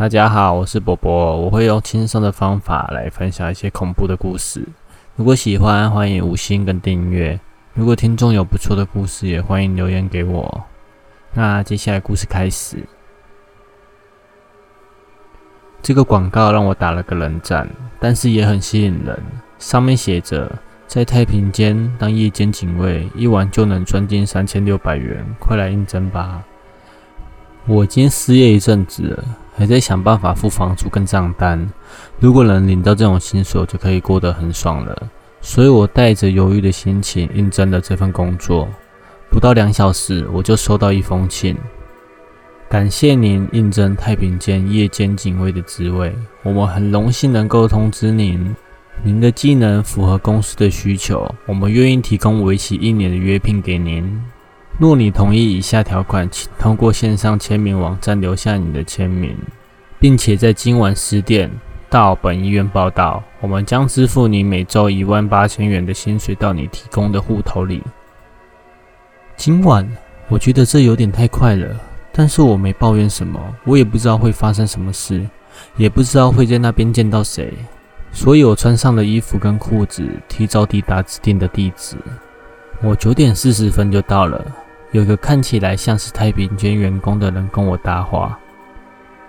大家好，我是勃勃，我會用輕鬆的方法來分享一些恐怖的故事。如果喜歡，歡迎五星跟訂閱。如果聽眾有不錯的故事，也歡迎留言給我。那接下來故事開始。這個廣告讓我打了個冷戰，但是也很吸引人。上面寫着，在太平間當夜間警衛，一晚就能賺進三千六百元，快來應徵吧。我已經失業一陣子了，還在想辦法付房租跟賬單。如果能領到這種薪水，就可以過得很爽了。所以我帶着猶豫的心情應徵了這份工作。不到兩小時，我就收到一封信，感謝您應徵太平間夜間警衛的職位。我們很榮幸能夠通知您，您的技能符合公司的需求，我們願意提供為期一年的約聘給您。若你同意以下條款，請通過線上簽名網站留下你的簽名，並且在今晚十點到本醫院報到。我們將支付你每周一萬八千元的薪水到你提供的戶頭裡。今晚，我覺得這有點太快了，但是我沒抱怨什麼。我也不知道會發生什麼事，也不知道會在那邊見到誰，所以我穿上了衣服跟褲子，提早抵達指定的地址。我九點四十分就到了。有個看起來像是太平間員工的人跟我搭話：“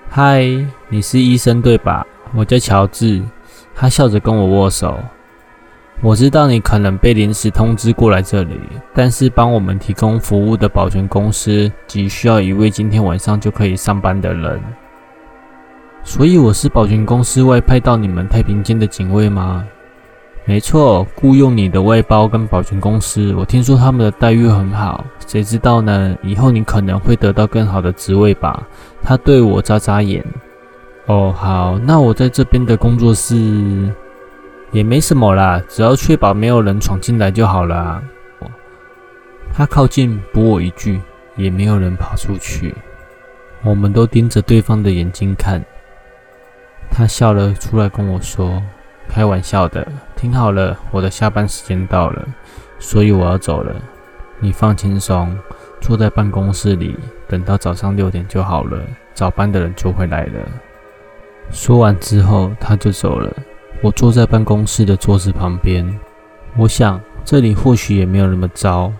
嗨，你是醫生對吧？我叫喬治。”他笑着跟我握手。我知道你可能被臨時通知過來這裡，但是幫我們提供服務的保全公司急需要一位今天晚上就可以上班的人，所以我是保全公司外派到你們太平間的警衛嗎？沒錯，僱傭你的外包跟保全公司，我聽說他們的待遇很好。誰知道呢？以後你可能會得到更好的職位吧。他對我眨眨眼。哦，好，那我在這邊的工作室也沒什麼啦，只要確保沒有人闖進來就好了。他靠近，補我一句，也沒有人跑出去。我們都盯着對方的眼睛看。他笑了出來，跟我說。開玩笑的，聽好了，我的下班時間到了，所以我要走了。你放輕鬆，坐在辦公室裡，等到早上六點就好了，早班的人就會來了。說完之後，他就走了。我坐在辦公室的桌子旁邊，我想這裡或許也沒有那麼糟。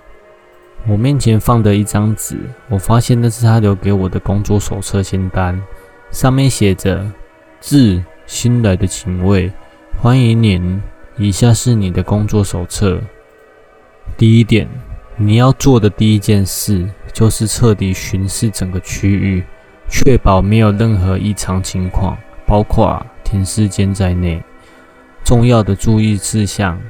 我面前放的一張紙，我發現那是他留給我的工作手冊清單，上面寫着：“致新來的警衛。”歡迎您。以下是你的工作手冊。第一點，你要做的第一件事就是徹底巡視整個區域，確保沒有任何異常情況，包括停屍間在內。重要的注意事項：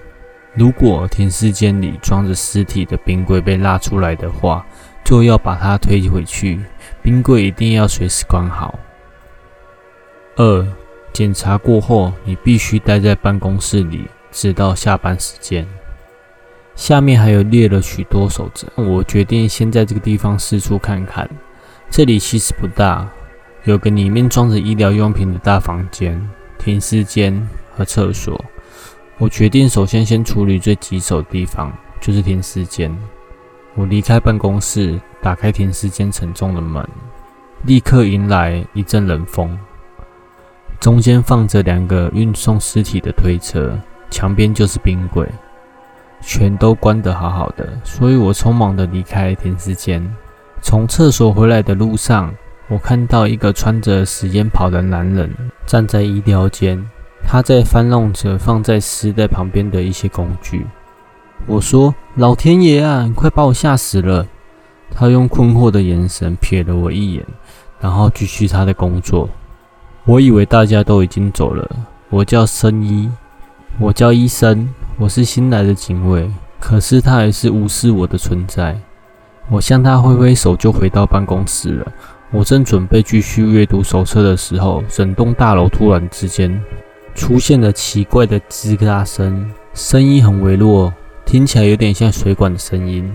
如果停屍間裡裝着屍體的冰櫃被拉出來的話，就要把它推回去。冰櫃一定要隨時關好。二。檢查過後，你必須待在辦公室裡，直到下班時間。下面還有列了許多守則。我決定先在這個地方四處看看。這裡其實不大，有個裡面裝着醫療用品的大房間、停屍間和廁所。我決定首先先處理最棘手的地方，就是停屍間。我離開辦公室，打開停屍間沉重的門，立刻迎來一陣冷風。中間放着兩個運送屍體的推車，牆邊就是冰櫃，全都關得好好的。所以我匆忙地離開停屍間。從廁所回來的路上，我看到一個穿着實驗袍的男人站在醫療間，他在翻弄着放在屍袋旁邊的一些工具。我說：“老天爺啊，你快把我嚇死了！”他用困惑的眼神瞥了我一眼，然後繼續他的工作。我以為大家都已經走了。我叫生醫，我叫醫生，我是新來的警衛。可是他還是無視我的存在。我向他揮揮手，就回到辦公室了。我正準備繼續閱讀手冊的時候，整棟大樓突然之間出現了奇怪的吱嘎聲，聲音很微弱，聽起來有點像水管的聲音，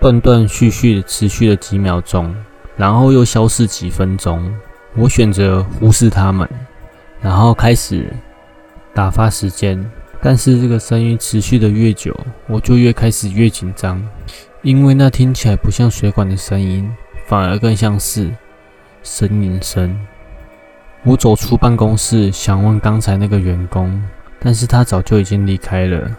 斷斷續續持續了幾秒鐘，然後又消失幾分鐘。我選擇忽視他們，然後開始打發時間。但是這個聲音持續得越久，我就越開始越緊張，因為那聽起來不像水管的聲音，反而更像是呻吟聲、聲。我走出辦公室，想問剛才那個員工，但是他早就已經離開了。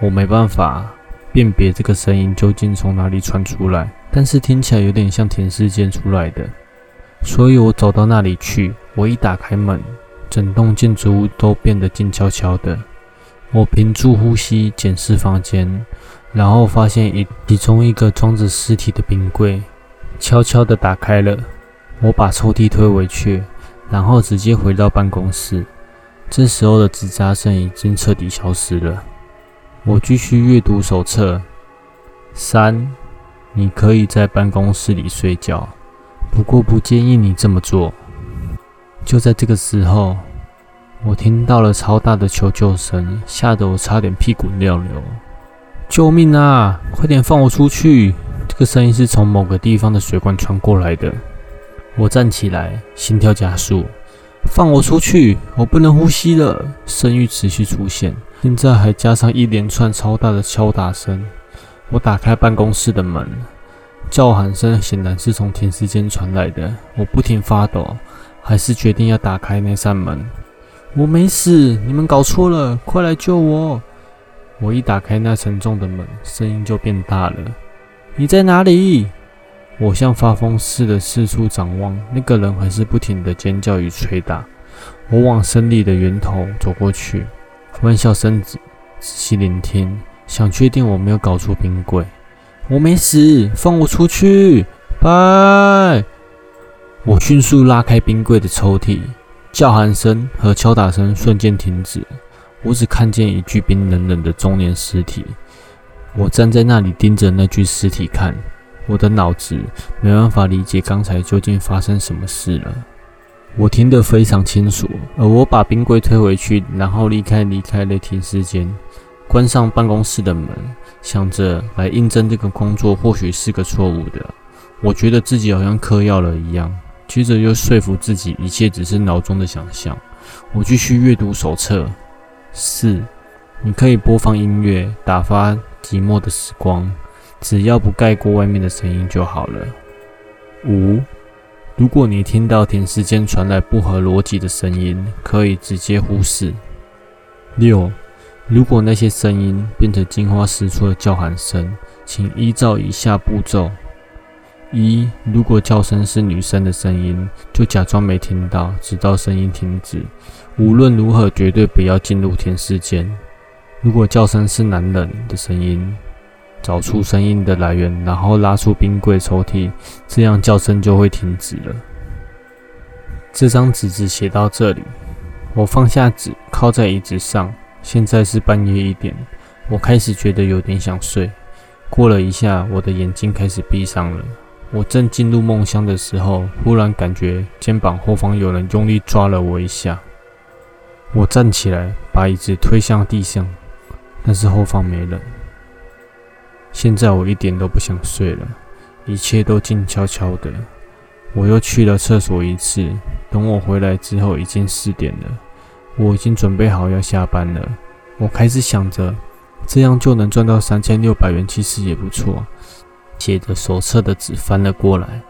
我沒辦法辨別這個聲音究竟從哪裡傳出來，但是聽起來有點像停屍間出來的。所以我走到那裡去。我一打開門，整棟建築物都變得靜悄悄的。我屏住呼吸，檢視房間，然後發現一其中一個裝着屍體的冰櫃，悄悄地打開了。我把抽屜推回去，然後直接回到辦公室。這時候的吱喳聲已經徹底消失了。我繼續閱讀手冊。三，你可以在辦公室裡睡覺。不過不建議你這麼做。就在這個時候，我聽到了超大的求救聲，嚇得我差點屁滾尿流。救命啊！快點放我出去！這個聲音是從某個地方的水管傳過來的。我站起來，心跳加速。放我出去！我不能呼吸了。聲音持續出現，現在還加上一連串超大的敲打聲。我打開辦公室的門。叫喊聲顯然是從停屍間傳來的，我不停發抖，還是決定要打開那扇門。我沒死，你們搞錯了，快來救我！我一打開那沉重的門，聲音就變大了。你在哪裡？我像發瘋似的四處張望，那個人還是不停的尖叫與捶打。我往聲音的源頭走過去，彎下身子仔細聆聽，想確定我沒有搞錯冰櫃。我沒死，放我出去！拜！我迅速拉開冰櫃的抽屜，叫喊聲和敲打聲瞬間停止。我只看見一具冰冷冷的中年屍體。我站在那裡盯着那具屍體看，我的腦子沒辦法理解剛才究竟發生什麼事了。我聽得非常清楚，而我把冰櫃推回去，然後離開，離開了停屍間。關上辦公室的門，想着來應徵這個工作或許是個錯誤的。我覺得自己好像嗑藥了一樣，接着又說服自己一切只是腦中的想象。我繼續閱讀手冊。四，你可以播放音樂打發寂寞的時光，只要不蓋過外面的聲音就好了。五，如果你聽到太平間傳來不合邏輯的聲音，可以直接忽視。六。如果那些聲音變成驚慌失措的叫喊聲，請依照以下步驟：一，如果叫聲是女生的聲音，就假裝沒聽到，直到聲音停止。無論如何，絕對不要進入停屍間。如果叫聲是男人的聲音，找出聲音的來源，然後拉出冰櫃抽屜，這樣叫聲就會停止了。這張紙只寫到這裡，我放下紙，靠在椅子上。現在是半夜一點，我開始覺得有點想睡。過了一下，我的眼睛開始閉上了。我正進入夢鄉的時候，忽然感覺肩膀後方有人用力抓了我一下。我站起來，把椅子推向地上，但是後方沒人。現在我一點都不想睡了，一切都靜悄悄的。我又去了廁所一次，等我回來之後，已經四點了。我已經準備好要下班了，我開始想着，這樣就能賺到三千六百元，其實也不錯。寫着手冊的紙翻了過來，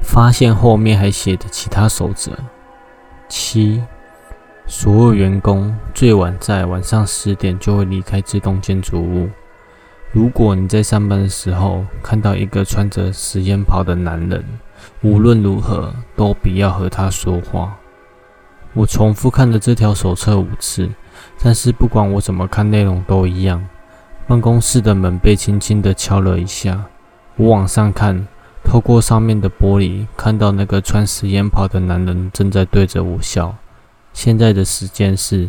發現後面還寫着其他守則：七，所有員工最晚在晚上十點就會離開這棟建築物。如果你在上班的時候看到一個穿着實驗袍的男人，無論如何都不要和他說話。我重複看了這條手冊五次，但是不管我怎麼看，內容都一樣。辦公室的門被輕輕地敲了一下，我往上看，透過上面的玻璃，看到那個穿實驗袍的男人正在對着我笑。現在的時間是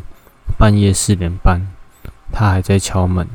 半夜四點半，他還在敲門。